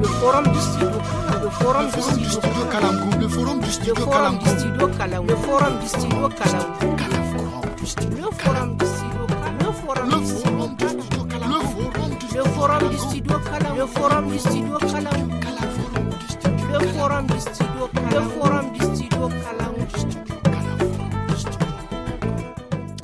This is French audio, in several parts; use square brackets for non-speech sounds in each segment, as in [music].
le forum du studio le forum du studio forum du studio le forum du studio le forum du studio le forum du studio le forum du studio le forum du studio le forum du studio le forum du studio le forum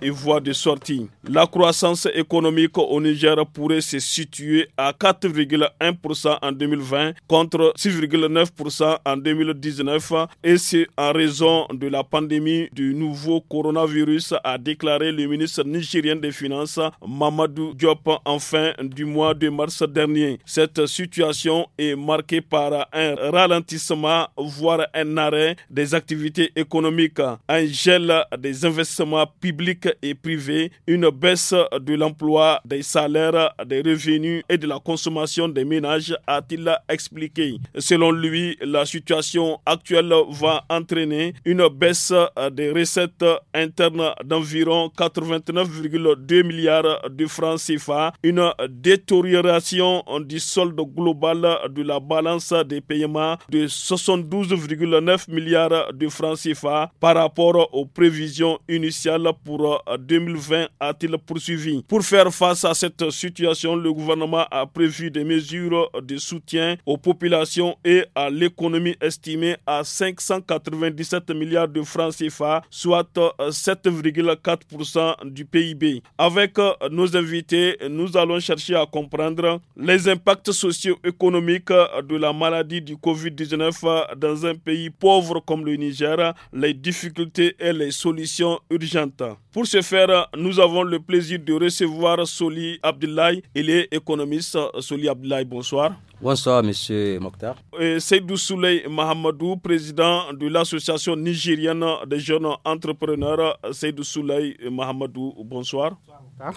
et voie de sortie. La croissance économique au Niger pourrait se situer à 4,1% en 2020 contre 6,9% en 2019 et c'est en raison de la pandémie du nouveau coronavirus, a déclaré le ministre nigérien des Finances Mamadou Diop en fin du mois de mars dernier. Cette situation est marquée par un ralentissement, voire un arrêt des activités économiques, un gel des investissements publics et privé, une baisse de l'emploi, des salaires, des revenus et de la consommation des ménages, a-t-il expliqué. Selon lui, la situation actuelle va entraîner une baisse des recettes internes d'environ 89,2 milliards de francs CFA, une détérioration du solde global de la balance des paiements de 72,9 milliards de francs CFA par rapport aux prévisions initiales pour pour 2020, euh, a-t-il poursuivi. Pour faire face à cette situation, le gouvernement a prévu des mesures de soutien aux populations et à l'économie estimées à 597 milliards de francs CFA, soit 7,4% euh, du PIB. Avec euh, nos invités, nous allons chercher à comprendre les impacts socio-économiques de la maladie du Covid-19 dans un pays pauvre comme le Niger, les difficultés et les solutions urgentes. Pour ce faire, nous avons le plaisir de recevoir Soli Abdoulaye. Il est économiste. Soli Abdoulaye, bonsoir. Bonsoir, monsieur Mokhtar. Seydou Souley Mahamadou, président de l'association nigérienne des jeunes entrepreneurs. Seydou Souley Mahamadou, bonsoir. bonsoir Mokhtar.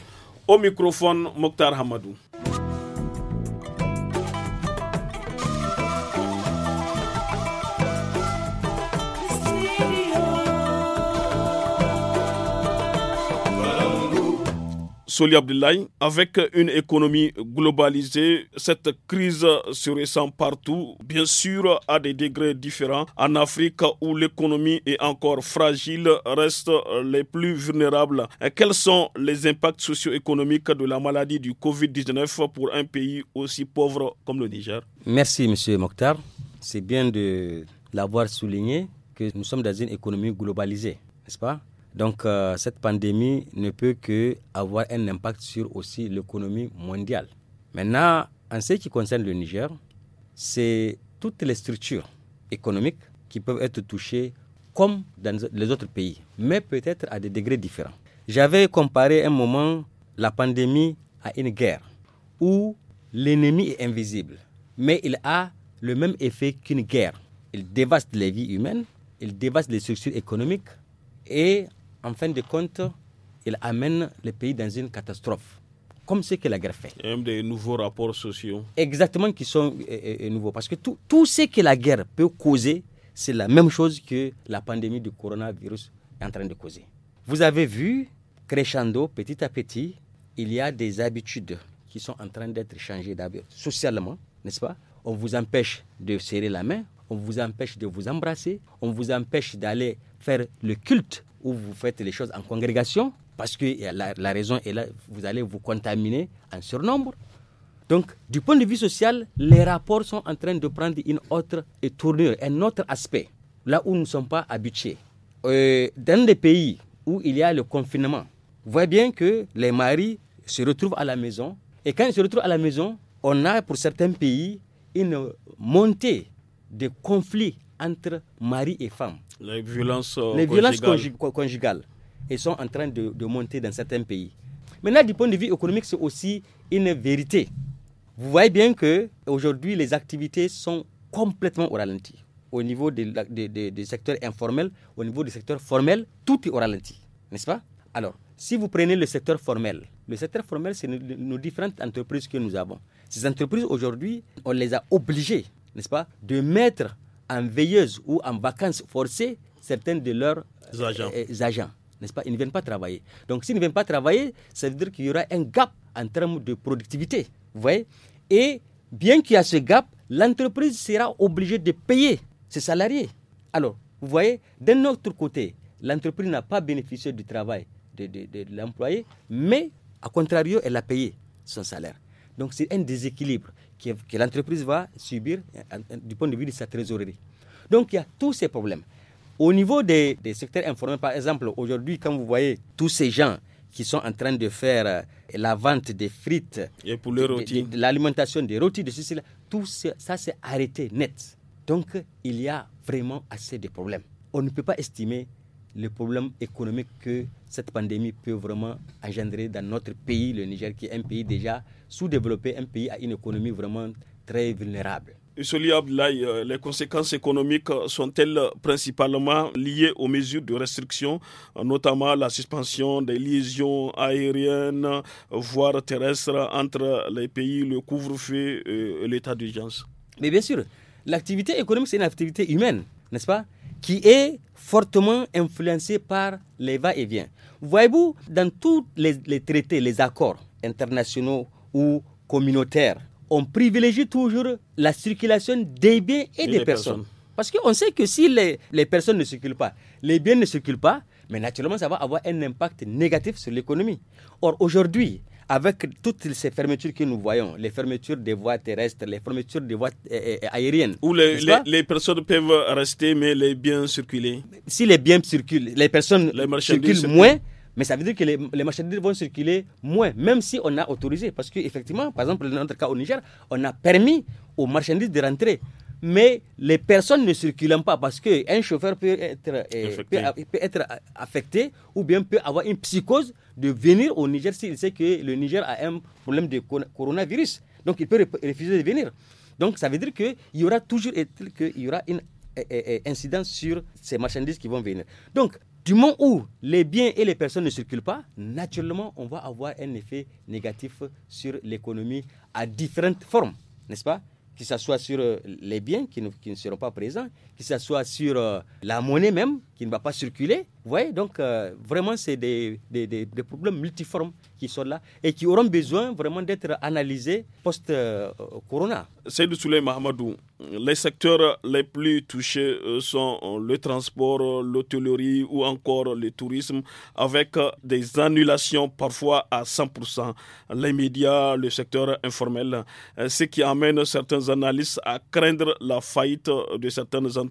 Au microphone, Mokhtar Hamadou. Soli avec une économie globalisée, cette crise se ressent partout, bien sûr à des degrés différents. En Afrique, où l'économie est encore fragile, reste les plus vulnérables. quels sont les impacts socio-économiques de la maladie du Covid-19 pour un pays aussi pauvre comme le Niger Merci, Monsieur Mokhtar. C'est bien de l'avoir souligné que nous sommes dans une économie globalisée, n'est-ce pas donc euh, cette pandémie ne peut que avoir un impact sur aussi l'économie mondiale. Maintenant, en ce qui concerne le Niger, c'est toutes les structures économiques qui peuvent être touchées comme dans les autres pays, mais peut-être à des degrés différents. J'avais comparé un moment la pandémie à une guerre où l'ennemi est invisible, mais il a le même effet qu'une guerre. Il dévaste les vies humaines, il dévaste les structures économiques et en fin de compte, il amène le pays dans une catastrophe, comme ce que la guerre fait. même des nouveaux rapports sociaux. Exactement, qui sont euh, euh, euh, nouveaux. Parce que tout, tout, ce que la guerre peut causer, c'est la même chose que la pandémie du coronavirus est en train de causer. Vous avez vu, crescendo, petit à petit, il y a des habitudes qui sont en train d'être changées socialement, n'est-ce pas On vous empêche de serrer la main, on vous empêche de vous embrasser, on vous empêche d'aller faire le culte où vous faites les choses en congrégation, parce que la, raison est là, vous allez vous contaminer en surnombre. Donc, du point de vue social, les rapports sont en train de prendre une autre tournure, un autre aspect, là où nous ne sommes pas habitués. Euh, dans les pays où il y a le confinement, vous voyez bien que les maris se retrouvent à la maison. Et quand ils se retrouvent à la maison, on a pour certains pays une montée de conflits entre mari et femme. Les violences, euh, conjugales. Elles sont en train de, monter dans certains pays. Maintenant, du point de vue économique, c'est aussi une vérité. Vous voyez bien que aujourd'hui, les activités sont complètement au ralenti. Au niveau des, secteurs informels, au niveau des secteurs formels, tout est au ralenti. N'est-ce pas Alors, si vous prenez le secteur formel, le secteur formel, c'est nos, nos différentes entreprises que nous avons. Ces entreprises, aujourd'hui, on les a obligées, n'est-ce pas, de mettre en veilleuse ou en vacances forcées certains de leurs euh, euh, agents. n'est-ce pas Ils ne viennent pas travailler. Donc s'ils ne viennent pas travailler, ça veut dire qu'il y aura un gap en termes de productivité. Vous voyez Et bien qu'il y a ce gap, l'entreprise sera obligée de payer ses salariés. Alors, vous voyez, d'un autre côté, l'entreprise n'a pas bénéficié du travail de, de, de l'employé, mais à contrario, elle a payé son salaire. Donc c'est un déséquilibre que, l'entreprise va subir du point de vue de sa trésorerie. Donc il y a tous ces problèmes. Au niveau des, secteurs informels, par exemple, aujourd'hui, quand vous voyez tous ces gens qui sont en train de faire euh, la vente des frites, et pour l'alimentation des rôtis, de tout ça s'est arrêté net. Donc il y a vraiment assez de problèmes. On ne peut pas estimer le problèmes économiques que cette pandémie peut vraiment engendrer dans notre pays, le Niger, qui est un pays déjà sous-développé, un pays à une économie vraiment très vulnérable. Euh, les conséquences économiques sont-elles principalement liées aux mesures de restriction, notamment la suspension des liaisons aériennes, voire terrestres, entre les pays, le couvre-feu et l'état d'urgence Mais bien sûr, l'activité économique, c'est une activité humaine, n'est-ce pas qui est fortement influencé par les va-et-vient. Voyez-vous, dans tous les, traités, les accords internationaux ou communautaires, on privilégie toujours la circulation des biens et, des personnes. Parce qu'on sait que si les, les personnes ne circulent pas, les biens ne circulent pas, mais naturellement, ça va avoir un impact négatif sur l'économie. Or, aujourd'hui, avec toutes ces fermetures que nous voyons, les fermetures des voies terrestres, les fermetures des voies eh, eh, eh, aériennes. Où les, les, personnes peuvent rester, mais les biens circuler. Si les biens circulent, les personnes circulent, moins. Mais ça veut dire que les, les, marchandises vont circuler moins, même si on a autorisé. Parce qu'effectivement, par exemple, dans notre cas au Niger, on a permis aux marchandises de rentrer mais les personnes ne circulent pas parce qu'un chauffeur peut être, euh, peut, être, affecté ou bien peut avoir une psychose de venir au Niger s'il sait que le Niger a un problème de coronavirus. Donc il peut refuser de venir. Donc ça veut dire qu'il y aura toujours il y aura une euh, euh, incidence sur ces marchandises qui vont venir. Donc du moment où les biens et les personnes ne circulent pas, naturellement on va avoir un effet négatif sur l'économie à différentes formes, n'est-ce pas que ce soit sur euh, les biens qui qui ne seront pas présents que ce soit sur euh, la monnaie même, qui ne va pas circuler. Vous voyez, donc euh, vraiment, c'est des, des, des, problèmes multiformes qui sont là et qui auront besoin vraiment d'être analysés post-corona. Euh, c'est le soleil Mahamadou. Les secteurs les plus touchés sont le transport, l'hôtellerie ou encore le tourisme, avec des annulations parfois à 100%. Les médias, le secteur informel, ce qui amène certains analystes à craindre la faillite de certaines entreprises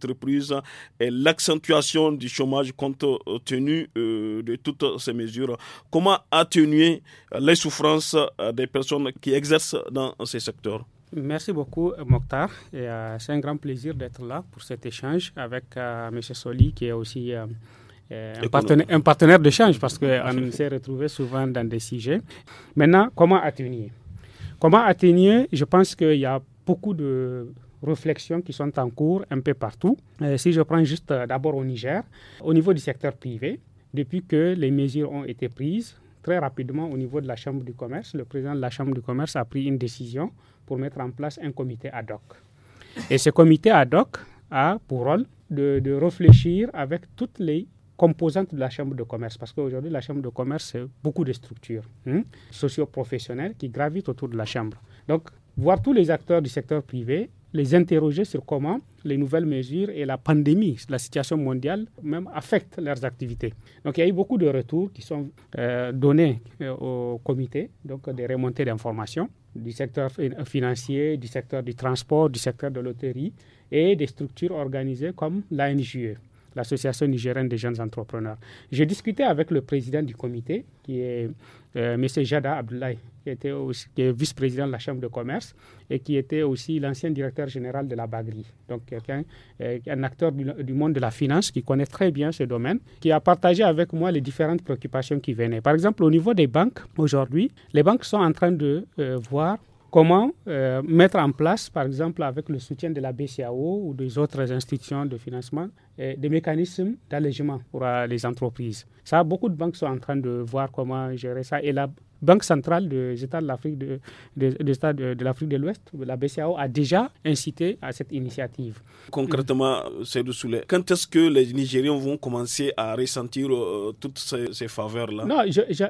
et l'accentuation du chômage compte tenu euh, de toutes ces mesures. Comment atténuer les souffrances euh, des personnes qui exercent dans ces secteurs Merci beaucoup, Mokhtar. Euh, c'est un grand plaisir d'être là pour cet échange avec M. Soli, qui est aussi un, partenaire, un, partenaire, d'échange parce qu'on [laughs] s'est retrouvé souvent dans des sujets. Maintenant, comment atténuer Comment atténuer Je pense qu'il y a beaucoup de réflexions qui sont en cours un peu partout. Euh, si je prends juste euh, d'abord au Niger, au niveau du secteur privé, depuis que les mesures ont été prises, très rapidement au niveau de la Chambre du commerce, le président de la Chambre du commerce a pris une décision pour mettre en place un comité ad hoc. Et ce comité ad hoc a pour rôle de, de réfléchir avec toutes les composantes de la Chambre de commerce, parce qu'aujourd'hui, la Chambre de commerce, c'est beaucoup de structures hein, socio-professionnelles qui gravitent autour de la Chambre. Donc, voir tous les acteurs du secteur privé les interroger sur comment les nouvelles mesures et la pandémie, la situation mondiale même affectent leurs activités. Donc il y a eu beaucoup de retours qui sont euh, donnés euh, au comité, donc des remontées d'informations du secteur financier, du secteur du transport, du secteur de l'hôtellerie et des structures organisées comme l'ANGE l'Association nigérienne des jeunes entrepreneurs. J'ai discuté avec le président du comité, qui est euh, M. Jada Abdoulaye, qui, était est vice-président de la Chambre de commerce et qui était aussi l'ancien directeur général de la Bagri. Donc, quelqu'un, euh, un acteur du, monde de la finance qui connaît très bien ce domaine, qui a partagé avec moi les différentes préoccupations qui venaient. Par exemple, au niveau des banques, aujourd'hui, les banques sont en train de euh, voir comment euh, mettre en place, par exemple, avec le soutien de la BCAO ou des autres institutions de financement, euh, des mécanismes d'allègement pour euh, les entreprises. Ça, beaucoup de banques sont en train de voir comment gérer ça. Et la Banque centrale des États de l'Afrique de, de, de l'Afrique de l'Ouest, la BCAO, a déjà incité à cette initiative. Concrètement, c'est de Souley, quand est-ce que les Nigériens vont commencer à ressentir euh, toutes ces, faveurs-là Non,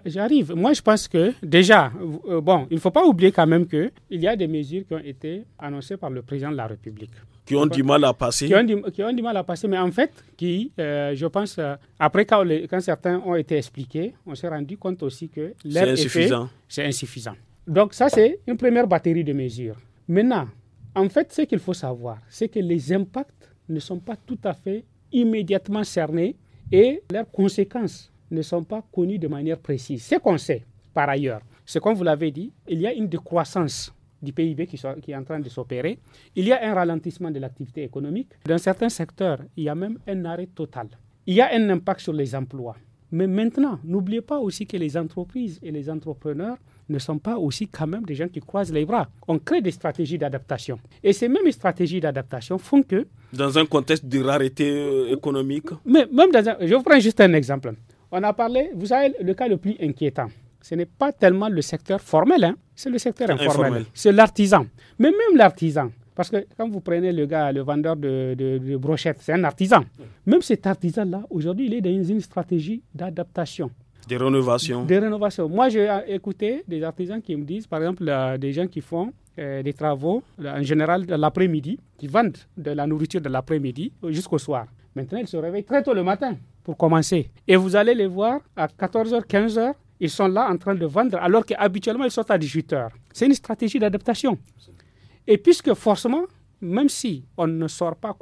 j'arrive. Moi, je pense que déjà, euh, bon, il ne faut pas oublier quand même qu'il y a des mesures qui ont été annoncées par le président de la République qui ont du mal à passer. Qui ont du, mal à passer, mais en fait, qui, euh, je pense, euh, après quand, quand, certains ont été expliqués, on s'est rendu compte aussi que l'air c'est insuffisant. C'est insuffisant. Donc ça, c'est une première batterie de mesures. Maintenant, en fait, ce qu'il faut savoir, c'est que les impacts ne sont pas tout à fait immédiatement cernés et leurs conséquences ne sont pas connues de manière précise. Ce qu'on sait, par ailleurs, c'est comme vous l'avez dit, il y a une décroissance du PIB qui, qui est en train de s'opérer. Il y a un ralentissement de l'activité économique. Dans certains secteurs, il y a même un arrêt total. Il y a un impact sur les emplois. Mais maintenant, n'oubliez pas aussi que les entreprises et les entrepreneurs ne sont pas aussi quand même des gens qui croisent les bras. On crée des stratégies d'adaptation. Et ces mêmes stratégies d'adaptation font que... Dans un contexte de rareté euh, économique Mais même dans Je vous prends juste un exemple. On a parlé, vous savez, le cas le plus inquiétant, ce n'est pas tellement le secteur formel, hein, c'est le secteur informel. C'est l'artisan. Mais même l'artisan, parce que quand vous prenez le gars, le vendeur de, de, brochettes, c'est un artisan. Même cet artisan-là, aujourd'hui, il est dans une stratégie d'adaptation. Des rénovations. Des rénovations. Moi, j'ai écouté des artisans qui me disent, par exemple, des gens qui font euh, des travaux, en général, de l'après-midi, qui vendent de la nourriture de l'après-midi jusqu'au soir. Maintenant, ils se réveillent très tôt le matin pour commencer. Et vous allez les voir à 14h, 15h, ils sont là en train de vendre alors qu'habituellement ils sortent à 18 heures. C'est une stratégie d'adaptation. Et puisque forcément, même si on ne sort pas,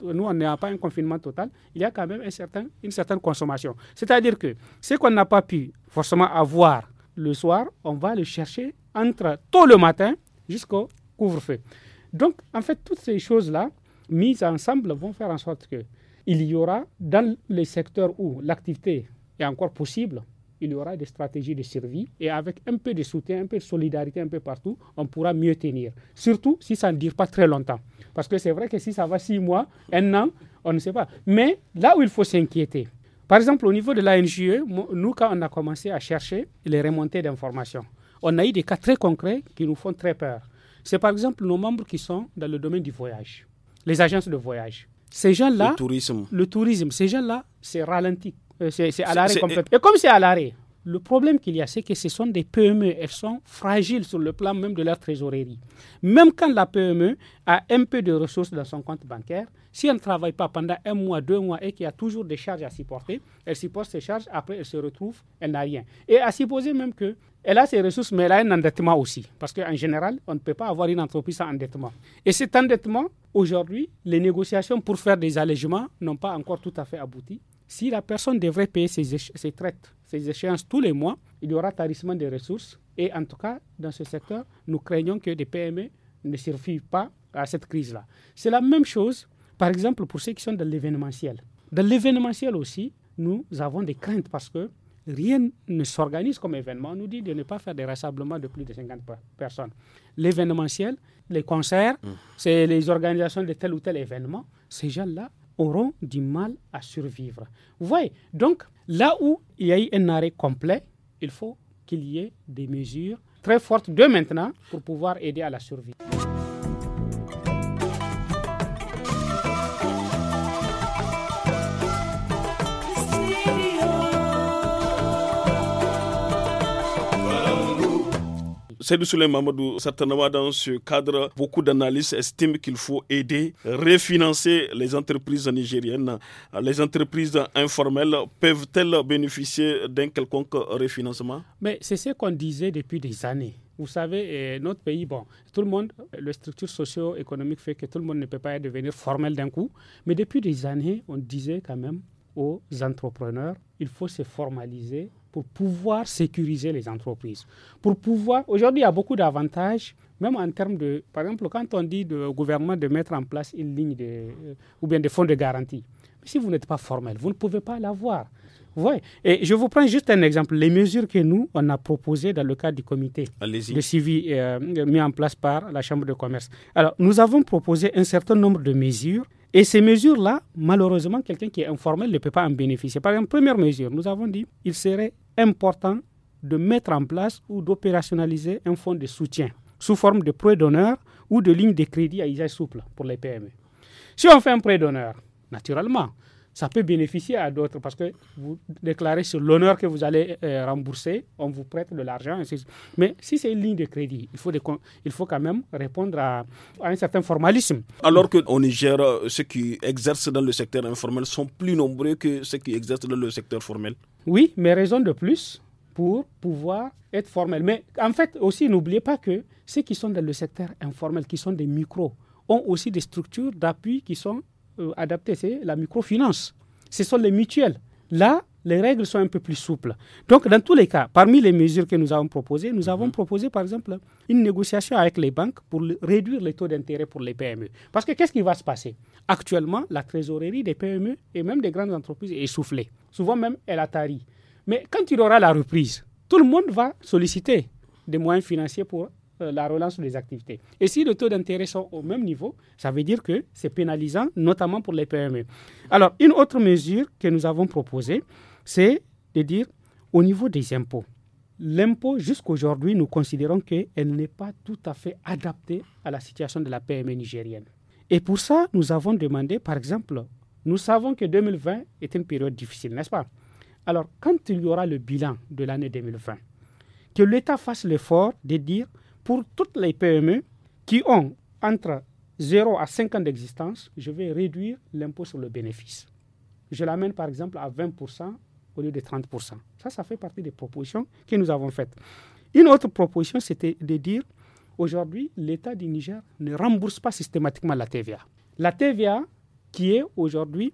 nous on n'a pas un confinement total, il y a quand même un certain, une certaine consommation. C'est-à-dire que ce qu'on n'a pas pu forcément avoir le soir, on va le chercher entre tôt le matin jusqu'au couvre-feu. Donc, en fait, toutes ces choses-là, mises ensemble, vont faire en sorte qu'il y aura dans les secteurs où l'activité est encore possible, il y aura des stratégies de survie et avec un peu de soutien, un peu de solidarité un peu partout, on pourra mieux tenir. Surtout si ça ne dure pas très longtemps. Parce que c'est vrai que si ça va six mois, un an, on ne sait pas. Mais là où il faut s'inquiéter, par exemple au niveau de l'ANGE, nous quand on a commencé à chercher les remontées d'informations, on a eu des cas très concrets qui nous font très peur. C'est par exemple nos membres qui sont dans le domaine du voyage, les agences de voyage. Ces gens-là, le tourisme, le tourisme ces gens-là, c'est ralenti euh, c'est à l'arrêt Et comme c'est à l'arrêt, le problème qu'il y a, c'est que ce sont des PME. Elles sont fragiles sur le plan même de leur trésorerie. Même quand la PME a un peu de ressources dans son compte bancaire, si elle ne travaille pas pendant un mois, deux mois et qu'il y a toujours des charges à supporter, elle supporte ses charges, après elle se retrouve, elle n'a rien. Et à supposer même que elle a ses ressources, mais elle a un endettement aussi. Parce qu'en général, on ne peut pas avoir une entreprise sans endettement. Et cet endettement, aujourd'hui, les négociations pour faire des allègements n'ont pas encore tout à fait abouti. Si la personne devrait payer ses, traites, ses échéances tous les mois, il y aura tarissement des ressources. Et en tout cas, dans ce secteur, nous craignons que des PME ne survivent pas à cette crise-là. C'est la même chose, par exemple, pour ceux qui sont dans l'événementiel. Dans l'événementiel aussi, nous avons des craintes parce que rien ne s'organise comme événement. On nous dit de ne pas faire des rassemblements de plus de 50 personnes. L'événementiel, les concerts, mmh. c'est les organisations de tel ou tel événement. Ces gens-là auront du mal à survivre. Vous voyez, donc là où il y a eu un arrêt complet, il faut qu'il y ait des mesures très fortes de maintenant pour pouvoir aider à la survie. Seydou Souley Mamadou, certainement dans ce cadre, beaucoup d'analystes estiment qu'il faut aider, refinancer les entreprises nigériennes. Les entreprises informelles peuvent-elles bénéficier d'un quelconque refinancement Mais c'est ce qu'on disait depuis des années. Vous savez, euh, notre pays, bon, tout le monde, les structure socio économique fait que tout le monde ne peut pas devenir formel d'un coup. Mais depuis des années, on disait quand même aux entrepreneurs, il faut se formaliser, pour pouvoir sécuriser les entreprises. Pour pouvoir, aujourd'hui, il y a beaucoup d'avantages, même en termes de, par exemple, quand on dit au gouvernement de mettre en place une ligne de, euh, ou bien des fonds de garantie. Mais si vous n'êtes pas formel, vous ne pouvez pas l'avoir. Ouais. Et je vous prends juste un exemple. Les mesures que nous, on a proposées dans le cadre du comité de suivi euh, mis en place par la Chambre de commerce. Alors, nous avons proposé un certain nombre de mesures et ces mesures-là, malheureusement, quelqu'un qui est informel ne peut pas en bénéficier. Par exemple, première mesure, nous avons dit qu'il serait important de mettre en place ou d'opérationnaliser un fonds de soutien sous forme de prêt d'honneur ou de lignes de crédit à usage souple pour les PME. Si on fait un prêt d'honneur, naturellement, ça peut bénéficier à d'autres parce que vous déclarez sur l'honneur que vous allez euh, rembourser, on vous prête de l'argent. Mais si c'est une ligne de crédit, il faut, des, quand même répondre à, un certain formalisme. Alors qu'au Niger, euh, ceux qui exercent dans le secteur informel sont plus nombreux que ceux qui exercent dans le secteur formel. Oui, mais raison de plus pour pouvoir être formel. Mais en fait, aussi, n'oubliez pas que ceux qui sont dans le secteur informel, qui sont des micros, ont aussi des structures d'appui qui sont euh, adapté, c'est la microfinance. Ce sont les mutuelles. Là, les règles sont un peu plus souples. Donc, dans tous les cas, parmi les mesures que nous avons proposées, nous avons mhm. proposé, par exemple, une négociation avec les banques pour réduire les taux d'intérêt pour les PME. Parce que qu'est-ce qui va se passer Actuellement, la trésorerie des PME et même des grandes entreprises est soufflée. Souvent même, elle a tarie. Mais quand il y aura la reprise, tout le monde va solliciter des moyens financiers pour euh, la relance des activités. Et si le taux d'intérêt sont au même niveau, ça veut dire que c'est pénalisant, notamment pour les PME. Alors, une autre mesure que nous avons proposée, c'est de dire au niveau des impôts. L'impôt, jusqu'à aujourd'hui, nous considérons qu'elle n'est pas tout à fait adaptée à la situation de la PME nigérienne. Et pour ça, nous avons demandé, par exemple, nous savons que 2020 est une période difficile, n'est-ce pas Alors, quand il y aura le bilan de l'année 2020, que l'État fasse l'effort de dire pour toutes les PME qui ont entre 0 à 5 ans d'existence, je vais réduire l'impôt sur le bénéfice. Je l'amène par exemple à 20% au lieu de 30%. Ça, ça fait partie des propositions que nous avons faites. Une autre proposition, c'était de dire, aujourd'hui, l'État du Niger ne rembourse pas systématiquement la TVA. La TVA, qui est aujourd'hui,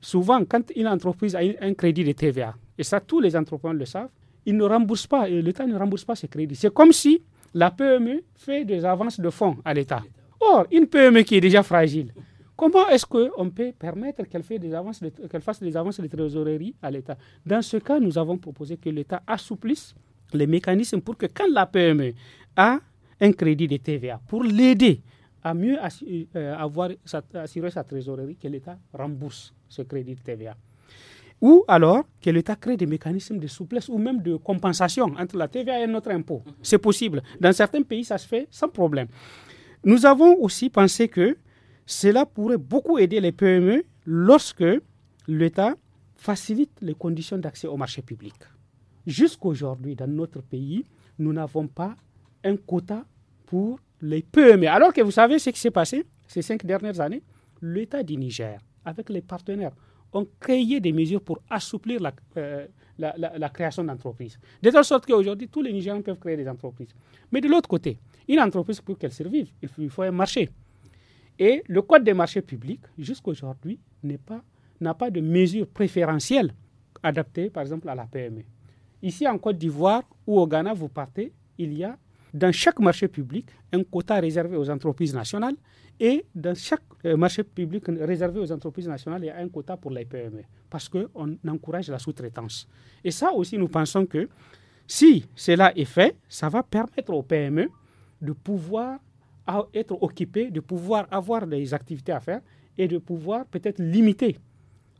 souvent, quand une entreprise a un crédit de TVA, et ça, tous les entrepreneurs le savent, ils ne remboursent pas, l'État ne rembourse pas ce crédits. C'est comme si la PME fait des avances de fonds à l'État. Or, une PME qui est déjà fragile, comment est-ce qu'on peut permettre qu'elle fasse des avances de trésorerie à l'État Dans ce cas, nous avons proposé que l'État assouplisse les mécanismes pour que quand la PME a un crédit de TVA, pour l'aider à mieux euh, avoir assurer sa trésorerie, que l'État rembourse ce crédit de TVA ou alors que l'État crée des mécanismes de souplesse ou même de compensation entre la TVA et notre impôt. C'est possible. Dans certains pays, ça se fait sans problème. Nous avons aussi pensé que cela pourrait beaucoup aider les PME lorsque l'État facilite les conditions d'accès au marché public. Jusqu'aujourd'hui, dans notre pays, nous n'avons pas un quota pour les PME. Alors que vous savez ce qui s'est passé ces cinq dernières années L'État du Niger, avec les partenaires, ont créé des mesures pour assouplir euh, la, création d'entreprises. De telle sorte qu'aujourd'hui, tous les Nigériens peuvent créer des entreprises. Mais de l'autre côté, une entreprise, pour qu'elle survive, il faut, un marché. Et le Code des marchés publics, jusqu'à aujourd'hui, n'a pas de mesures préférentielles adaptées, par exemple, à la PME. Ici, en Côte d'Ivoire ou au Ghana, vous partez, il y a dans chaque marché public un quota réservé aux entreprises nationales et dans chaque euh, marché public réservé aux entreprises nationales, il y a un quota pour les PME parce qu'on encourage la sous-traitance. Et ça aussi, nous pensons que si cela est fait, ça va permettre aux PME de pouvoir être occupées, de pouvoir avoir des activités à faire et de pouvoir peut-être limiter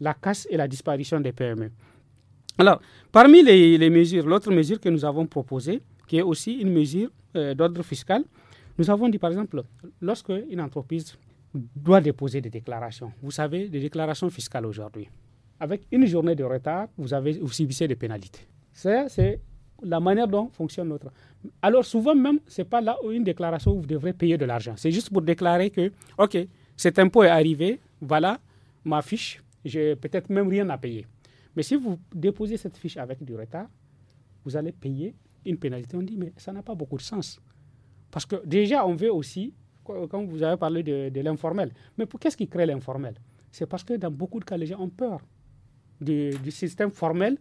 la casse et la disparition des PME. Alors, parmi les, les mesures, l'autre mesure que nous avons proposée, qui est aussi une mesure euh, d'ordre fiscal. Nous avons dit, par exemple, lorsque une entreprise doit déposer des déclarations, vous savez, des déclarations fiscales aujourd'hui, avec une journée de retard, vous, avez, vous subissez des pénalités. C'est la manière dont fonctionne notre. Alors souvent même, ce n'est pas là où une déclaration où vous devrez payer de l'argent. C'est juste pour déclarer que, OK, cet impôt est arrivé, voilà ma fiche, j'ai peut-être même rien à payer. Mais si vous déposez cette fiche avec du retard, vous allez payer une pénalité. On dit, mais ça n'a pas beaucoup de sens. Parce que déjà, on veut aussi, quand vous avez parlé de, l'informel, mais pour qu'est-ce qui crée l'informel C'est parce que dans beaucoup de cas, les gens ont peur du, système formel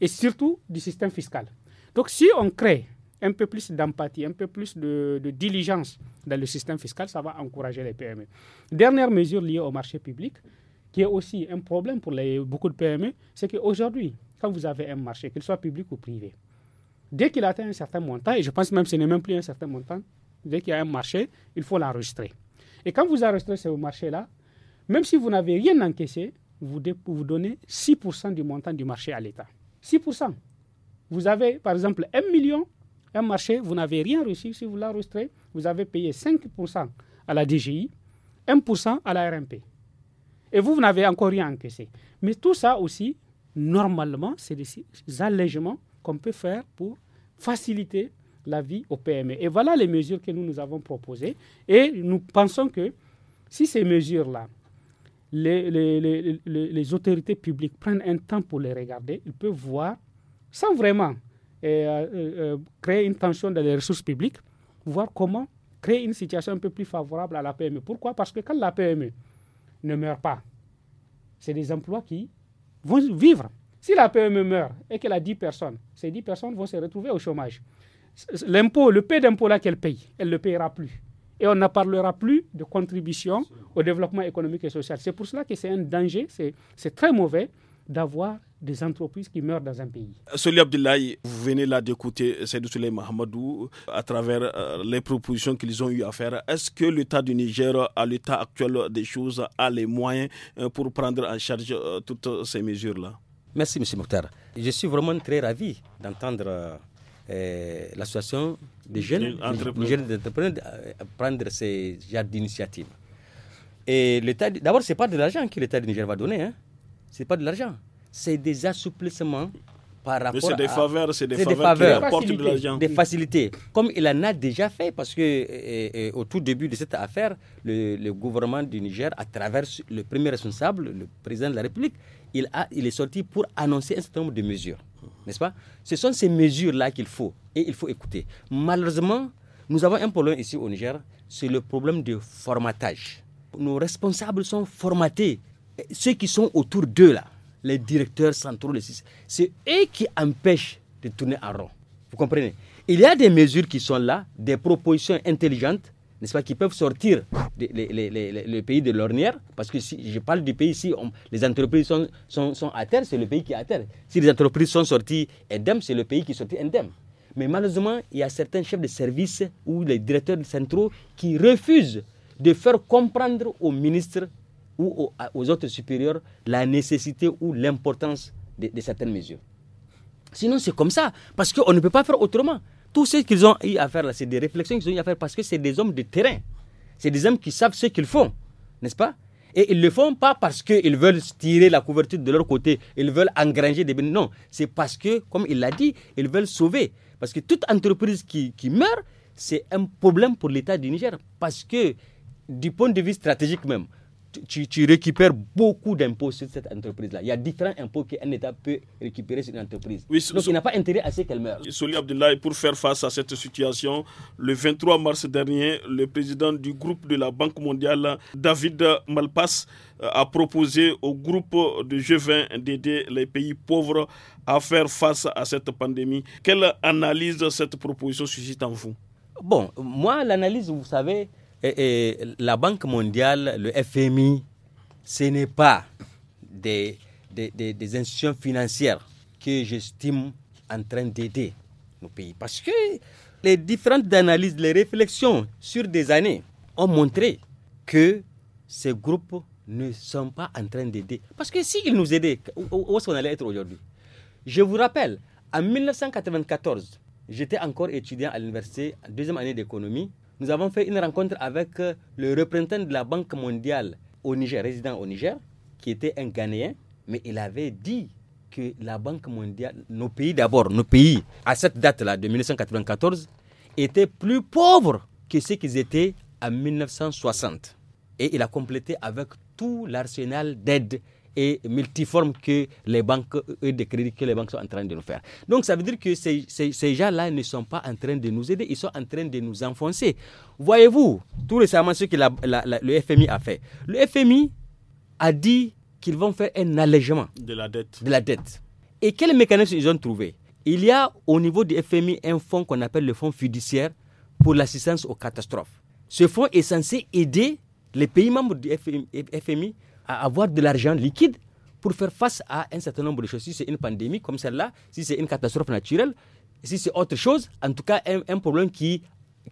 et surtout du système fiscal. Donc si on crée un peu plus d'empathie, un peu plus de, diligence dans le système fiscal, ça va encourager les PME. Dernière mesure liée au marché public, qui est aussi un problème pour les, beaucoup de PME, c'est qu'aujourd'hui, quand vous avez un marché, qu'il soit public ou privé, Dès qu'il atteint un certain montant, et je pense même que ce n'est même plus un certain montant, dès qu'il y a un marché, il faut l'enregistrer. Et quand vous enregistrez ce marché-là, même si vous n'avez rien encaissé, vous, vous donnez 6% du montant du marché à l'État. 6%. Vous avez, par exemple, 1 million, un marché, vous n'avez rien reçu. Si vous l'enregistrez, vous avez payé 5% à la DGI, 1% à la RMP. Et vous, vous n'avez encore rien encaissé. Mais tout ça aussi, normalement, c'est des allègements qu'on peut faire pour faciliter la vie aux PME. Et voilà les mesures que nous nous avons proposées. Et nous pensons que si ces mesures-là, les, autorités publiques prennent un temps pour les regarder, ils peuvent voir, sans vraiment euh, euh, euh, créer une tension dans les ressources publiques, voir comment créer une situation un peu plus favorable à la PME. Pourquoi Parce que quand la PME ne meurt pas, c'est des emplois qui vont vivre. Si la PME meurt et qu'elle a 10 personnes, ces 10 personnes vont se retrouver au chômage. L'impôt, le paiement d'impôt là qu'elle paye, elle ne le payera plus. Et on ne parlera plus de contribution au développement économique et social. C'est pour cela que c'est un danger, c'est très mauvais d'avoir des entreprises qui meurent dans un pays. Soli Abdoulaye, vous venez là d'écouter Seydou Souley Mahamadou à travers euh, les propositions qu'ils ont eu à faire. Est-ce que l'État du Niger, à l'état actuel des choses, a les moyens euh, pour prendre en charge euh, toutes ces mesures-là Merci, M. Mokhtar. Je suis vraiment très ravi d'entendre euh, l'association des jeunes, des jeunes entrepreneurs euh, prendre ces genres d'initiative. Et l'État, d'abord, ce n'est pas de l'argent que l'État du Niger va donner. Hein. Ce n'est pas de l'argent. C'est des assouplissements par c'est des faveurs, c'est des, faveurs, qui apportent de l'argent. Des facilités, comme il en a déjà fait, parce que euh, euh, euh, au tout début de cette affaire, le, gouvernement du Niger, à travers le premier responsable, le président de la République, il, il est sorti pour annoncer un certain nombre de mesures, n'est-ce pas Ce sont ces mesures-là qu'il faut, et il faut écouter. Malheureusement, nous avons un problème ici au Niger, c'est le problème de formatage. Nos responsables sont formatés, ceux qui sont autour d'eux là, les directeurs centraux, c'est eux qui empêchent de tourner en rond. Vous comprenez Il y a des mesures qui sont là, des propositions intelligentes, n'est-ce pas, qui peuvent sortir le pays de l'ornière, parce que si je parle du pays ici, si les entreprises sont, sont, à terre, c'est le pays qui est à terre. Si les entreprises sont sorties indemnes, c'est le pays qui est sorti indemne. Mais malheureusement, il y a certains chefs de service ou les directeurs centraux qui refusent de faire comprendre aux ministres ou aux, autres supérieurs la nécessité ou l'importance de, certaines mesures. Sinon, c'est comme ça, parce qu'on ne peut pas faire autrement. Tout ce qu'ils ont eu à faire là, c'est des réflexions qu'ils ont eu à faire parce que c'est des hommes de terrain. C'est des hommes qui savent ce qu'ils font, n'est-ce pas Et ils ne le font pas parce qu'ils veulent tirer la couverture de leur côté, ils veulent engranger des bénéfices. Non, c'est parce que, comme il l'a dit, ils veulent sauver. Parce que toute entreprise qui, qui meurt, c'est un problème pour l'État du Niger. Parce que, du point de vue stratégique même, tu, récupères beaucoup d'impôts sur cette entreprise-là. Il y a différents impôts qu'un État peut récupérer sur une entreprise. Donc, il n'a pas intérêt à ce qu'elle meure. Soli Abdoulaye, pour faire face à cette situation, le 23 mars dernier, le président du groupe de la Banque mondiale, David Malpass, euh, a proposé au groupe de G20 d'aider les pays pauvres à faire face à cette pandémie. Quelle analyse cette proposition suscite en vous Bon, moi, l'analyse, vous savez, et, la Banque mondiale, le FMI, ce n'est pas des, des, institutions financières que j'estime en train d'aider nos pays. Parce que les différentes analyses, les réflexions sur des années ont montré que ces groupes ne sont pas en train d'aider. Parce que s'ils nous aidaient, où est-ce qu'on allait être aujourd'hui Je vous rappelle, en 1994, j'étais encore étudiant à l'université, deuxième année d'économie, nous avons fait une rencontre avec euh, le représentant de la Banque mondiale au Niger, résident au Niger, qui était un Ghanéen, mais il avait dit que la Banque mondiale, nos pays d'abord, nos pays, à cette date-là, de 1994, étaient plus pauvres que ce qu'ils étaient en 1960. Et il a complété avec tout l'arsenal d'aide et multiforme que les banques et des que les banques sont en train de nous faire. Donc ça veut dire que ces, ces, ces gens-là ne sont pas en train de nous aider, ils sont en train de nous enfoncer. Voyez-vous, tout récemment, ce que le FMI a fait. Le FMI a dit qu'ils vont faire un allègement de la dette. De la dette. Et quel mécanisme ils ont trouvé Il y a au niveau du FMI un fonds qu'on appelle le fonds fiduciaire pour l'assistance aux catastrophes. Ce fonds est censé aider les pays membres du FMI à avoir de l'argent liquide pour faire face à un certain nombre de choses. Si c'est une pandémie comme celle-là, si c'est une catastrophe naturelle, si c'est autre chose, en tout cas un, problème qui,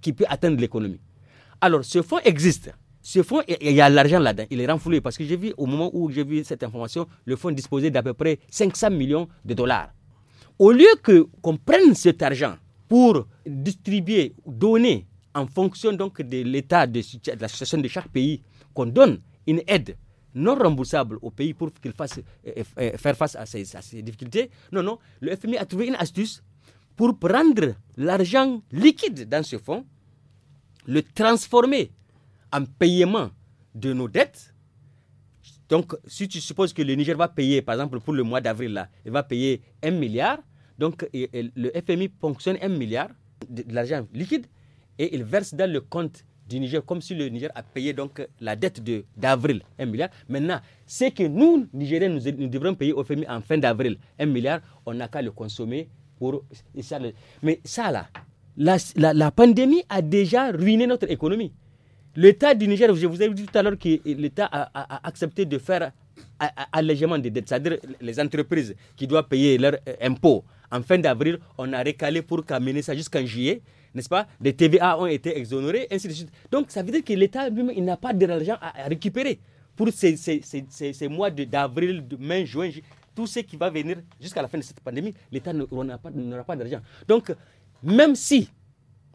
qui peut atteindre l'économie. Alors ce fonds existe. Ce fonds, il y a l'argent là-dedans, il est renfloué parce que j'ai vu au moment où j'ai vu cette information, le fonds disposait d'à peu près 500 millions de dollars. Au lieu que qu'on prenne cet argent pour distribuer, donner en fonction donc de l'état de, de la situation de chaque pays, qu'on donne une aide non remboursable au pays pour qu'il fasse euh, euh, euh, faire face à ces, difficultés. Non, non, le FMI a trouvé une astuce pour prendre l'argent liquide dans ce fonds, le transformer en paiement de nos dettes. Donc, si tu supposes que le Niger va payer, par exemple, pour le mois d'avril, là, il va payer 1 milliard. Donc, le FMI fonctionne 1 milliard de l'argent liquide et il verse dans le compte du Niger, comme si le Niger a payé donc la dette d'avril, 1 milliard. Maintenant, ce que nous, Nigériens, nous, nous devrons payer au FMI en fin d'avril, 1 milliard, on n'a qu'à le consommer pour... Mais ça, là, la, la, la pandémie a déjà ruiné notre économie. L'État du Niger, je vous ai dit tout à l'heure que l'État a, accepté de faire allègement des dettes, c'est-à-dire les entreprises qui doivent payer leurs euh, impôts en fin d'avril, on a récalé pour mener ça jusqu'en juillet n'est-ce pas Les TVA ont été exonérés, ainsi de suite. Donc, ça veut dire que l'État lui-même, il n'a pas d'argent à, à récupérer pour ces, mois d'avril, de, mai, juin, tout ce qui va venir jusqu'à la fin de cette pandémie, l'État n'aura pas, pas d'argent. Donc, même si,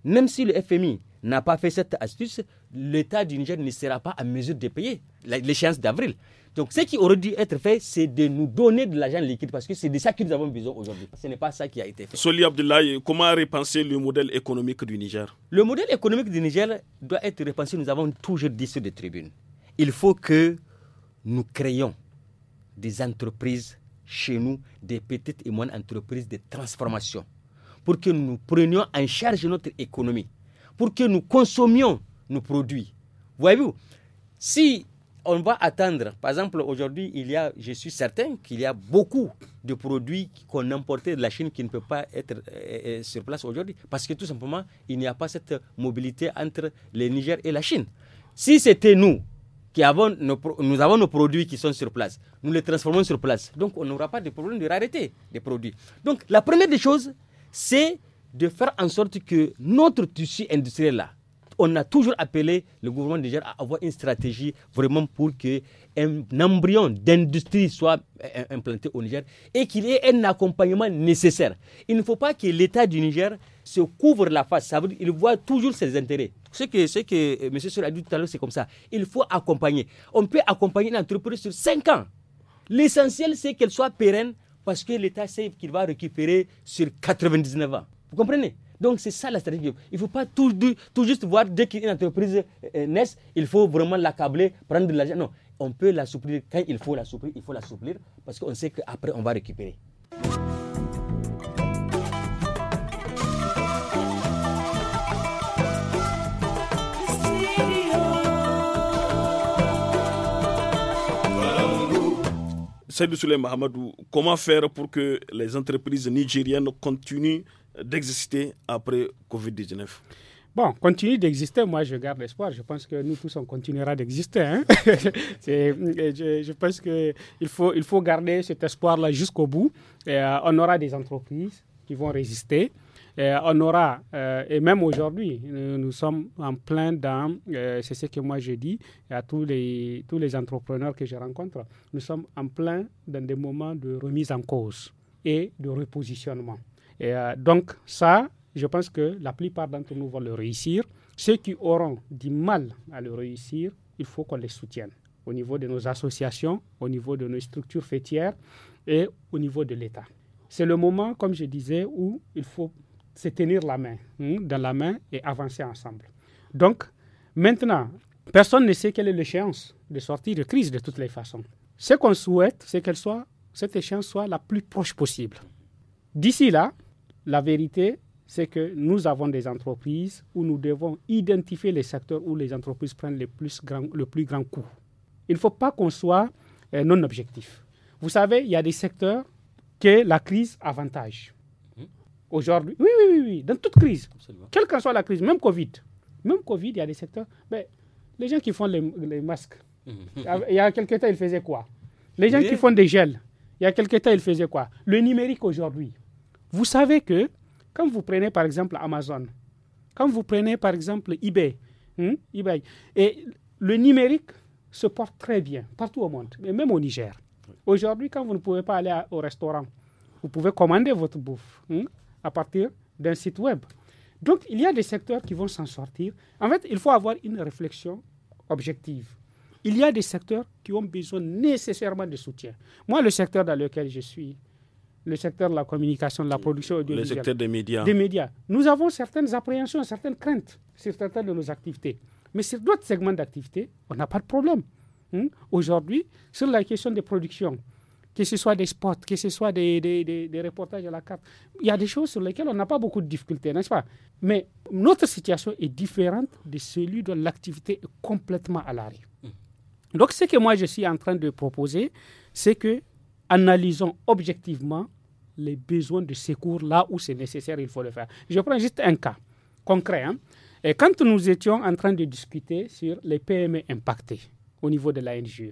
même si le FMI n'a pas fait cette astuce, l'État du Niger ne sera pas à mesure de payer l'échéance d'avril. Donc, ce qui aurait dû être fait, c'est de nous donner de l'argent liquide parce que c'est de ça que nous avons besoin aujourd'hui. Ce n'est pas ça qui a été fait. Soli Abdoulaye, comment repenser le modèle économique du Niger Le modèle économique du Niger doit être repensé. Nous avons toujours dit sur des tribunes. Il faut que nous créions des entreprises chez nous, des petites et moyennes entreprises de transformation, pour que nous prenions en charge notre économie, pour que nous consommions nos produits. Voyez-vous, si on va attendre, par exemple, aujourd'hui, il y a, je suis certain qu'il y a beaucoup de produits qu'on importait de la Chine qui ne peut pas être euh, euh, sur place aujourd'hui, parce que tout simplement, il n'y a pas cette mobilité entre le Niger et la Chine. Si c'était nous qui avons nos, nous avons nos produits qui sont sur place, nous les transformons sur place, donc on n'aura pas de problème de rareté des produits. Donc la première des choses, c'est de faire en sorte que notre tissu industriel là, on a toujours appelé le gouvernement Niger à avoir une stratégie vraiment pour que un embryon d'industrie soit euh, implanté au Niger et qu'il y ait un accompagnement nécessaire. Il ne faut pas que l'État du Niger se couvre la face. Ça veut dire voit toujours ses intérêts. Ce que, ce que euh, M. Sur dit tout à l'heure, c'est comme ça. Il faut accompagner. On peut accompagner une entreprise sur 5 ans. L'essentiel, c'est qu'elle soit pérenne parce que l'État sait qu'il va récupérer sur 99 ans. Vous comprenez donc c'est ça la stratégie. Il ne faut pas tout, juste voir dès qu'une entreprise euh, euh, naît, il faut vraiment l'accabler, prendre de l'argent. Non, on peut la souplir quand il faut la souplir, il faut la souplir parce qu'on sait qu'après on va récupérer. Saïd Souley Mahamadou, comment faire pour que les entreprises nigériennes continuent d'exister après Covid-19 Bon, continue d'exister, moi je garde l'espoir. Je pense que nous tous, on continuera d'exister. Hein. [laughs] je, je, pense qu'il faut, il faut garder cet espoir-là jusqu'au bout. Euh, on aura des entreprises qui vont résister. on aura, euh, et même aujourd'hui, nous, sommes en plein dans, euh, c'est ce que moi je dis à tous les, tous les entrepreneurs que je rencontre, nous sommes en plein dans des moments de remise en cause et de repositionnement. Euh, donc ça, je pense que la plupart d'entre nous vont le réussir. Ceux qui auront du mal à le réussir, il faut qu'on les soutienne au niveau de nos associations, au niveau de nos structures fêtières et au niveau de l'État. C'est le moment, comme je disais, où il faut se tenir la main, hein, dans la main et avancer ensemble. Donc, maintenant, personne ne sait quelle est l'échéance de sortie de crise de toutes les façons. Ce qu'on souhaite, c'est qu'elle soit, cette échéance soit la plus proche possible. D'ici là, la vérité, c'est que nous avons des entreprises où nous devons identifier les secteurs où les entreprises prennent le plus grand, le plus grand coût. Il ne faut pas qu'on soit euh, non objectif. Vous savez, il y a des secteurs que la crise avantage. Mmh. Aujourd'hui, oui, oui, oui, dans toute crise, quelle qu'en soit la crise, même Covid, même Covid, il y a des secteurs, mais les gens qui font les, masques, mmh. il y a quelques temps, ils faisaient quoi Les gens qui font des gels, il y a quelques temps, ils faisaient quoi Le numérique aujourd'hui, vous savez que quand vous prenez par exemple Amazon, quand vous prenez par exemple eBay, hein, eBay et le numérique se porte très bien partout au monde, mais même au Niger. Aujourd'hui, quand vous ne pouvez pas aller au restaurant, vous pouvez commander votre bouffe hein, à partir d'un site web. Donc, il y a des secteurs qui vont s'en sortir. En fait, il faut avoir une réflexion objective. Il y a des secteurs qui ont besoin nécessairement de soutien. Moi, le secteur dans lequel je suis, le secteur de la communication, de la production audiovisuelle. Le secteur des médias. Nous avons certaines appréhensions, certaines craintes sur certaines de nos activités. Mais sur d'autres segments d'activité, on n'a pas de problème. Hmm? Aujourd'hui, sur la question des productions, que ce soit des sports, que ce soit des, des, des, reportages à la carte, il y a des choses sur lesquelles on n'a pas beaucoup de difficultés, n'est-ce pas Mais notre situation est différente de celui dont l'activité est complètement à l'arrêt. Hmm. Donc, ce que moi je suis en train de proposer, c'est que analysons objectivement les besoins de secours là où c'est nécessaire, il faut le faire. Je prends juste un cas concret. Hein. Et quand nous étions en train de discuter sur les PME impactées au niveau de la NGE,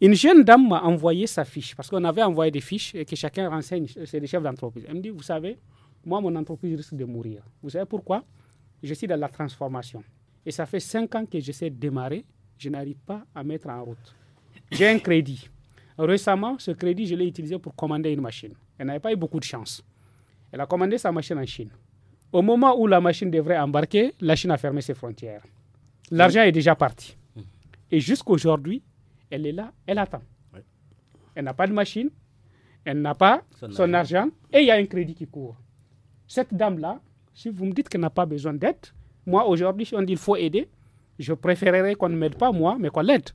une jeune dame m'a envoyé sa fiche, parce qu'on avait envoyé des fiches et que chacun renseigne, c'est des chefs d'entreprise. Elle me dit, vous savez, moi, mon entreprise risque de mourir. Vous savez pourquoi Je suis dans la transformation. Et ça fait cinq ans que j'essaie de démarrer, je n'arrive pas à mettre en route. J'ai un crédit. Récemment, ce crédit, je l'ai utilisé pour commander une machine. Elle n'avait pas eu beaucoup de chance. Elle a commandé sa machine en Chine. Au moment où la machine devrait embarquer, la Chine a fermé ses frontières. L'argent est déjà parti. Et jusqu'aujourd'hui, elle est là, elle attend. Elle n'a pas de machine, elle n'a pas son, argent. argent et il y a un crédit qui court. Cette dame-là, si vous me dites qu'elle n'a pas besoin d'aide, moi aujourd'hui, si on dit qu'il faut aider, je préférerais qu'on ne m'aide pas moi, mais qu'on l'aide.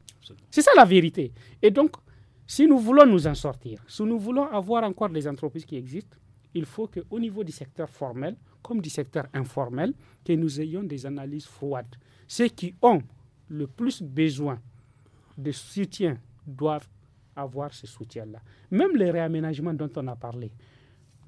C'est ça la vérité. Et donc, si nous voulons nous en sortir, si nous voulons avoir encore des entreprises qui existent, il faut qu'au niveau du secteur formel comme du secteur informel, que nous ayons des analyses froides. Ceux qui ont le plus besoin de soutien doivent avoir ce soutien-là. Même les réaménagements dont on a parlé.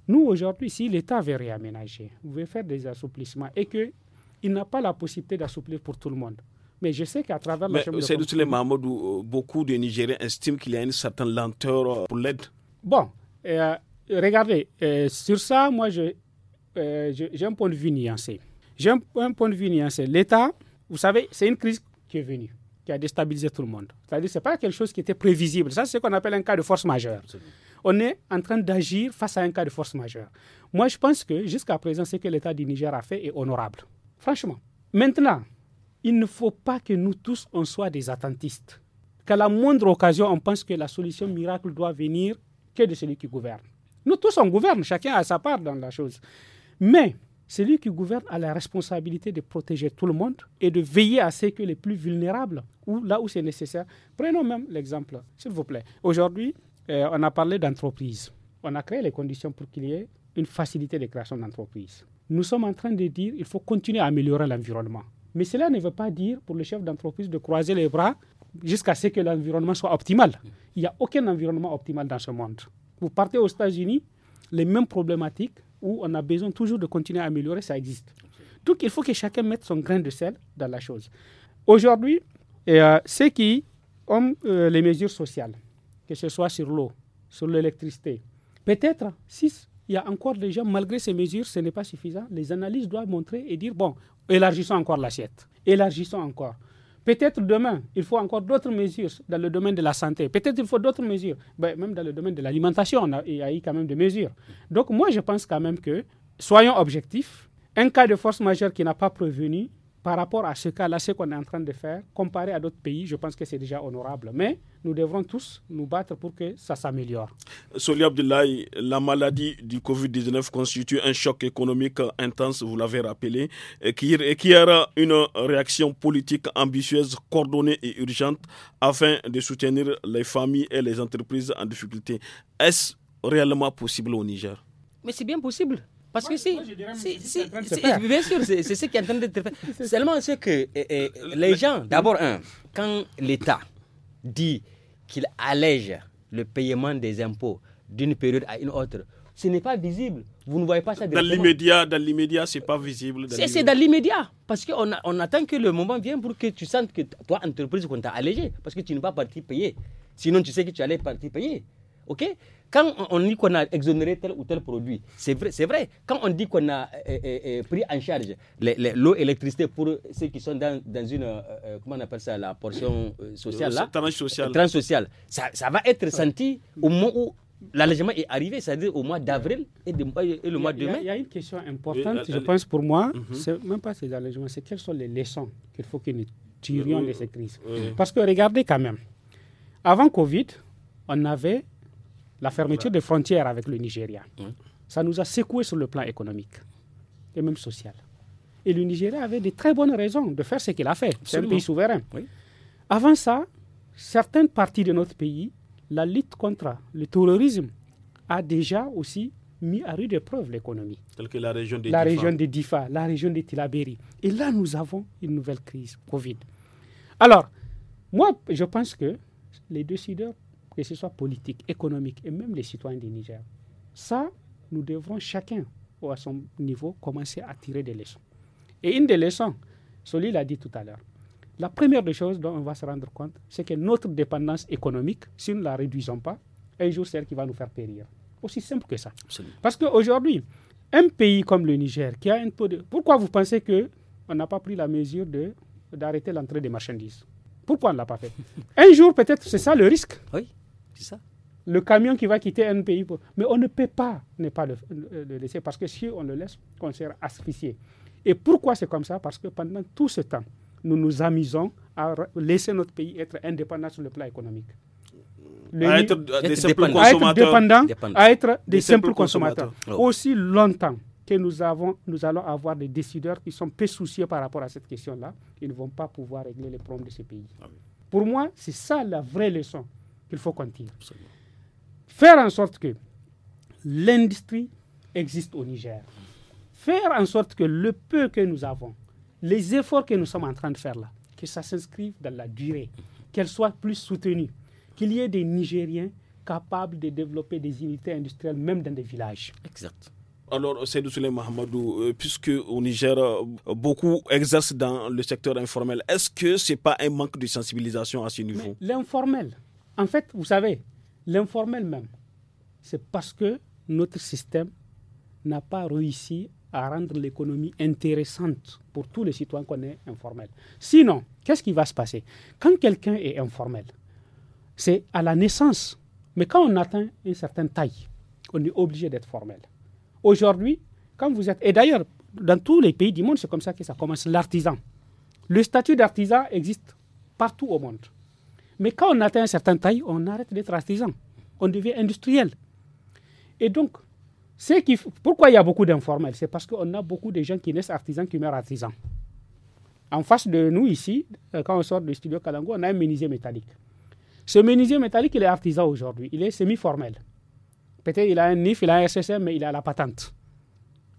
Nous, aujourd'hui, si l'État veut réaménager, veut faire des assouplissements et qu'il n'a pas la possibilité d'assouplir pour tout le monde, mais je sais qu'à travers la Chambre de euh, beaucoup de Nigériens estiment qu'il y a une certaine lenteur euh, pour l'aide. Bon, euh, regardez, sur ça, moi, j'ai un point de vue nuancé. J'ai un, point de vue nuancé. L'État, vous savez, c'est une crise qui est venue, qui a déstabilisé tout le monde. C'est-à-dire que ce n'est pas quelque chose qui était prévisible. Ça, c'est ce qu'on appelle un cas de force majeure. On est en train d'agir face à un cas de force majeure. Moi, je pense que jusqu'à présent, ce que l'État du Niger a fait est honorable. Franchement. Maintenant, il ne faut pas que nous tous, en soient des attentistes. Qu'à la moindre occasion, on pense que la solution miracle doit venir que de celui qui gouverne. Nous tous, on gouverne, chacun a sa part dans la chose. Mais celui qui gouverne a la responsabilité de protéger tout le monde et de veiller à ce que les plus vulnérables, ou là où c'est nécessaire, prenons même l'exemple, s'il vous plaît. Aujourd'hui, euh, on a parlé d'entreprise. On a créé les conditions pour qu'il y ait une facilité de création d'entreprise. Nous sommes en train de dire qu'il faut continuer à améliorer l'environnement. Mais cela ne veut pas dire pour le chef d'entreprise de croiser les bras jusqu'à ce que l'environnement soit optimal. Il n'y a aucun environnement optimal dans ce monde. Vous partez aux États-Unis, les mêmes problématiques où on a besoin toujours de continuer à améliorer, ça existe. Donc il faut que chacun mette son grain de sel dans la chose. Aujourd'hui, euh, ceux qui ont euh, les mesures sociales, que ce soit sur l'eau, sur l'électricité, peut-être, s'il il y a encore des gens, malgré ces mesures, ce n'est pas suffisant, les analyses doivent montrer et dire, bon, Élargissons encore l'assiette. Élargissons encore. Peut-être demain, il faut encore d'autres mesures dans le domaine de la santé. Peut-être il faut d'autres mesures. Ben, même dans le domaine de l'alimentation, il y a eu quand même des mesures. Donc moi, je pense quand même que, soyons objectifs, un cas de force majeure qui n'a pas prévenu par rapport à ce cas-là, ce qu'on est en train de faire, comparé à d'autres pays, je pense que c'est déjà honorable. Mais nous devrons tous nous battre pour que ça s'améliore. Soli Abdoulaye, la maladie du Covid-19 constitue un choc économique intense, vous l'avez rappelé, et qui aura une réaction politique ambitieuse, coordonnée et urgente afin de soutenir les familles et les entreprises en difficulté. Est-ce réellement possible au Niger Mais c'est bien possible. Parce que si, bien sûr, c'est ce qui est en train d'être fait. [laughs] Seulement, c'est que eh, eh, euh, les gens, d'abord, quand l'État dit qu'il allège le paiement des impôts d'une période à une autre, ce n'est pas visible. Vous ne voyez pas ça Dans l'immédiat, dans l'immédiat, c'est pas visible. C'est dans l'immédiat. Parce qu'on on attend que le moment vienne pour que tu sentes que toi, entreprise, qu'on t'a allégé. Parce que tu n'es pas parti payer. Sinon, tu sais que tu allais partir payer. OK quand on dit qu'on a exonéré tel ou tel produit, c'est vrai, c'est vrai. Quand on dit qu'on a euh, euh, euh, pris en charge l'eau et l'électricité pour ceux qui sont dans, une, comment on appelle ça, la portion sociale, là, transsociale, ça, va être senti au moment où l'allègement est arrivé, c'est-à-dire au mois d'avril et, le mois de mai. Il y a une question importante, je pense, pour moi, mhm. c'est même pas ces allègements, c'est quelles sont les leçons qu'il faut que nous tirions de cette crise. Parce que regardez quand même, avant Covid, on avait la fermeture des frontières avec le Nigeria. Ça nous a secoué sur le plan économique et même social. Et le Nigeria avait de très bonnes raisons de faire ce qu'il a fait. C'est un pays souverain. Avant ça, certaines parties de notre pays, la lutte contre le terrorisme a déjà aussi mis à rude épreuve l'économie. Telle que la région de la la région de Tilaberi. Et là, nous avons une nouvelle crise, Covid. Alors, moi, je pense que les décideurs que ce soit politique, économique et même les citoyens du Niger. Ça, nous devrons chacun, ou à son niveau, commencer à tirer des leçons. Et une des leçons, Soli l'a dit tout à l'heure, la première des choses dont on va se rendre compte, c'est que notre dépendance économique, si nous ne la réduisons pas, un jour, c'est elle qui va nous faire périr. Aussi simple que ça. Parce qu'aujourd'hui, un pays comme le Niger, qui a un taux de... Pourquoi vous pensez qu'on n'a pas pris la mesure de, d'arrêter l'entrée des marchandises Pourquoi on ne l'a pas fait [laughs] Un jour, peut-être, c'est ça le risque. Oui. C'est ça. Le camion qui va quitter un pays. Mais on ne peut pas ne pas le, laisser parce que si on le laisse, on sera asphyxié. Et pourquoi c'est comme ça Parce que pendant tout ce temps, nous nous amusons à laisser notre pays être indépendant sur le plan économique. à, être, des simples consommateurs, à être des, simples, consommateurs. Oh. Aussi longtemps que nous, avons, nous allons avoir des décideurs qui sont peu souciés par rapport à cette question-là, ils ne vont pas pouvoir régler les problèmes de ce pays. Ah pour moi, c'est ça la vraie leçon il faut continuer. Absolument. Faire en sorte que l'industrie existe au Niger. Faire en sorte que le peu que nous avons, les efforts que nous sommes en train de faire là, que ça s'inscrive dans la durée, qu'elle soit plus soutenue, qu'il y ait des Nigériens capables de développer des unités industrielles même dans des villages. Exact. Alors, Seydou Souley Mahamadou, euh, puisque au Niger, euh, beaucoup exercent dans le secteur informel, est-ce que ce n'est pas un manque de sensibilisation à ce niveau L'informel, en fait, vous savez, l'informel même, c'est parce que notre système n'a pas réussi à rendre l'économie intéressante pour tous les citoyens qu'on est informel. Sinon, qu'est-ce qui va se passer Quand quelqu'un est informel, c'est à la naissance. Mais quand on atteint une certaine taille, on est obligé d'être formel. Aujourd'hui, quand vous êtes... Et d'ailleurs, dans tous les pays du monde, c'est comme ça que ça commence, l'artisan. Le statut d'artisan existe partout au monde. Mais quand on atteint un certain taille, on arrête d'être artisan. On devient industriel. Et donc, qui, pourquoi il y a beaucoup d'informels C'est parce qu'on a beaucoup de gens qui naissent artisans, qui meurent artisans. En face de nous, ici, euh, quand on sort du studio Kalango, on a un menuisier métallique. Ce menuisier métallique, il est artisan aujourd'hui. Il est semi-formel. Peut-être il a un NIF, il a un SSM, mais il a la patente.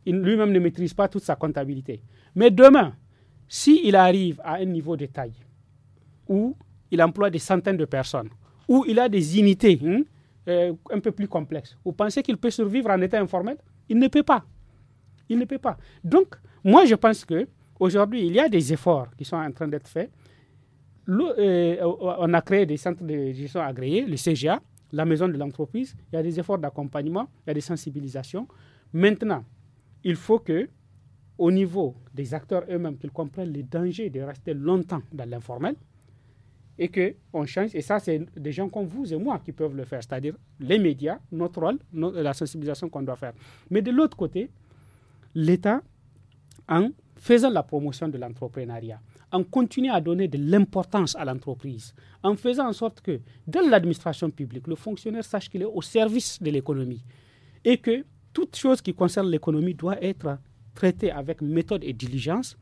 Il Lui-même ne maîtrise pas toute sa comptabilité. Mais demain, s'il arrive à un niveau de taille où il emploie des centaines de personnes, ou il a des unités hein, euh, un peu plus complexes. Vous pensez qu'il peut survivre en état informel Il ne peut pas. Il ne peut pas. Donc, moi, je pense que aujourd'hui, il y a des efforts qui sont en train d'être faits. Euh, on a créé des centres de gestion agréés, le CGA, la maison de l'entreprise. Il y a des efforts d'accompagnement, il y a des sensibilisations. Maintenant, il faut que, au niveau des acteurs eux-mêmes, qu'ils comprennent les dangers de rester longtemps dans l'informel et on change. Et ça, c'est des gens comme vous et moi qui peuvent le faire, c'est-à-dire les médias, notre rôle, la sensibilisation qu'on doit faire. Mais de l'autre côté, l'État, en faisant la promotion de l'entrepreneuriat, en continuant à donner de l'importance à l'entreprise, en faisant en sorte que dans l'administration publique, le fonctionnaire sache qu'il est au service de l'économie et que toute chose qui concerne l'économie doit être traitée avec méthode et diligence,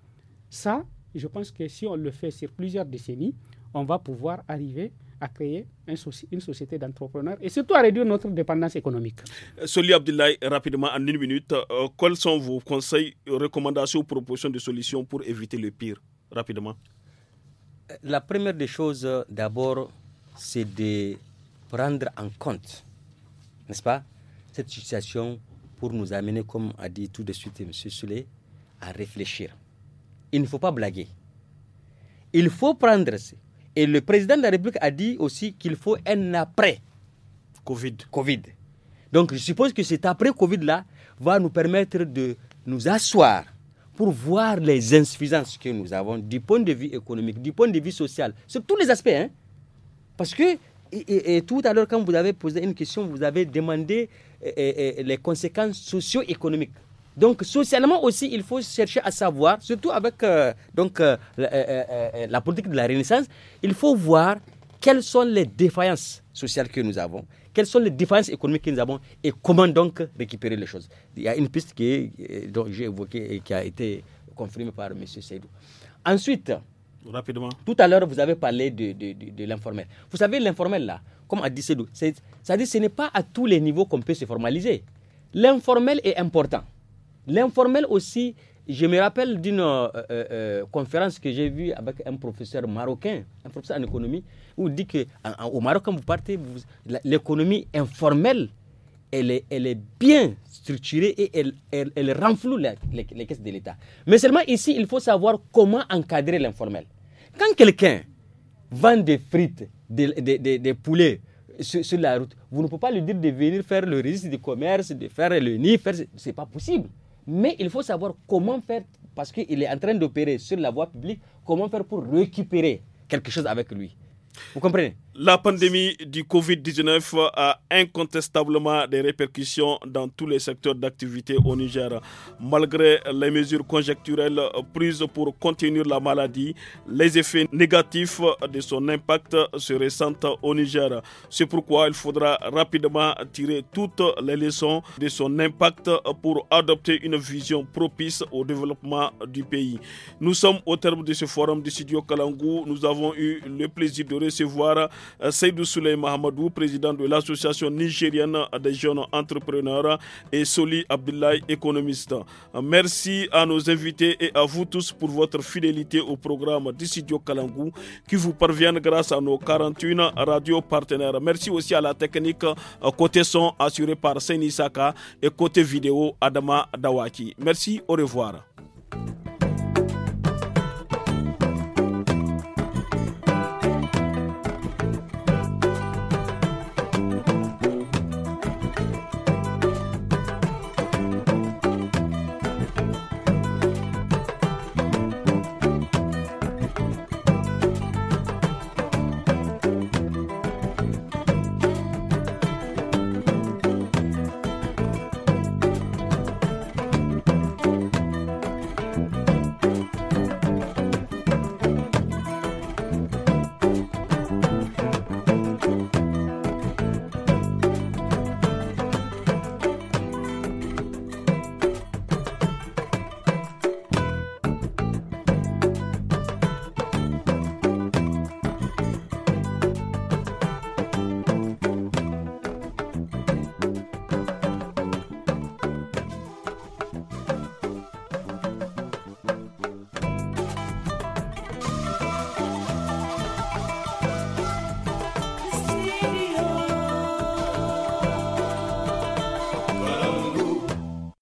ça, je pense que si on le fait sur plusieurs décennies, on va pouvoir arriver à créer une société d'entrepreneurs et surtout à réduire notre dépendance économique. Euh, Soli Abdoulaye, rapidement, en une minute, euh, quels sont vos conseils, recommandations, propositions de solutions pour éviter le pire Rapidement. La première des choses, euh, d'abord, c'est de prendre en compte, n'est-ce pas, cette situation pour nous amener, comme a dit tout de suite M. Soulet, à réfléchir. Il ne faut pas blaguer. Il faut prendre et le président de la République a dit aussi qu'il faut un après COVID. Donc je suppose que cet après Covid-là va nous permettre de nous asseoir pour voir les insuffisances que nous avons du point de vue économique, du point de vue social, sur tous les aspects. Hein. Parce que tout à l'heure, quand vous avez posé une question, vous avez demandé eh, eh, eh, les conséquences socio-économiques. Donc socialement aussi, il faut chercher à savoir, surtout avec euh, donc, euh, euh, la politique de la Renaissance, il faut voir quelles sont les défaillances sociales que nous avons, quelles sont les défaillances économiques que nous avons et comment donc récupérer les choses. Il y a une piste que j'ai évoquée et qui a été confirmée par M. Seydou. Ensuite, Rapidement. tout à l'heure, vous avez parlé de, de, de, l'informel. Vous savez, l'informel, là, comme a dit Seydou, c'est-à-dire ce n'est pas à tous les niveaux qu'on peut se formaliser. L'informel est important. L'informel aussi, je me rappelle d'une euh, euh, euh, conférence que j'ai vue avec un professeur marocain, un professeur en économie, où il dit qu'au Maroc, quand vous partez, l'économie informelle, elle est, bien structurée et elle, renfloue les, caisses de l'État. Mais seulement ici, il faut savoir comment encadrer l'informel. Quand quelqu'un vend des frites, des, poulets, sur, la route. Vous ne pouvez pas lui dire de venir faire le registre du commerce, de faire le nid, c'est pas possible. Mais il faut savoir comment faire, parce qu'il est en train d'opérer sur la voie publique, comment faire pour récupérer quelque chose avec lui. Vous comprenez la pandémie du Covid-19 a incontestablement des répercussions dans tous les secteurs d'activité au Niger. Malgré les mesures conjecturelles prises pour contenir la maladie, les effets négatifs de son impact se ressentent au Niger. C'est pourquoi il faudra rapidement tirer toutes les leçons de son impact pour adopter une vision propice au développement du pays. Nous sommes au terme de ce forum du studio Kalangou. Nous avons eu le plaisir de recevoir euh, Seydou Souley Mahamadou, président de l'association nigérienne des jeunes entrepreneurs, et Soli Abdoulaye, économiste. Euh, merci à nos invités et à vous tous pour votre fidélité au programme d'Issidio Kalangou qui vous parvient grâce à nos 41 radios partenaires. Merci aussi à la technique euh, côté son assurée par Saini Saka et côté vidéo Adama Dawaki. Merci, au revoir.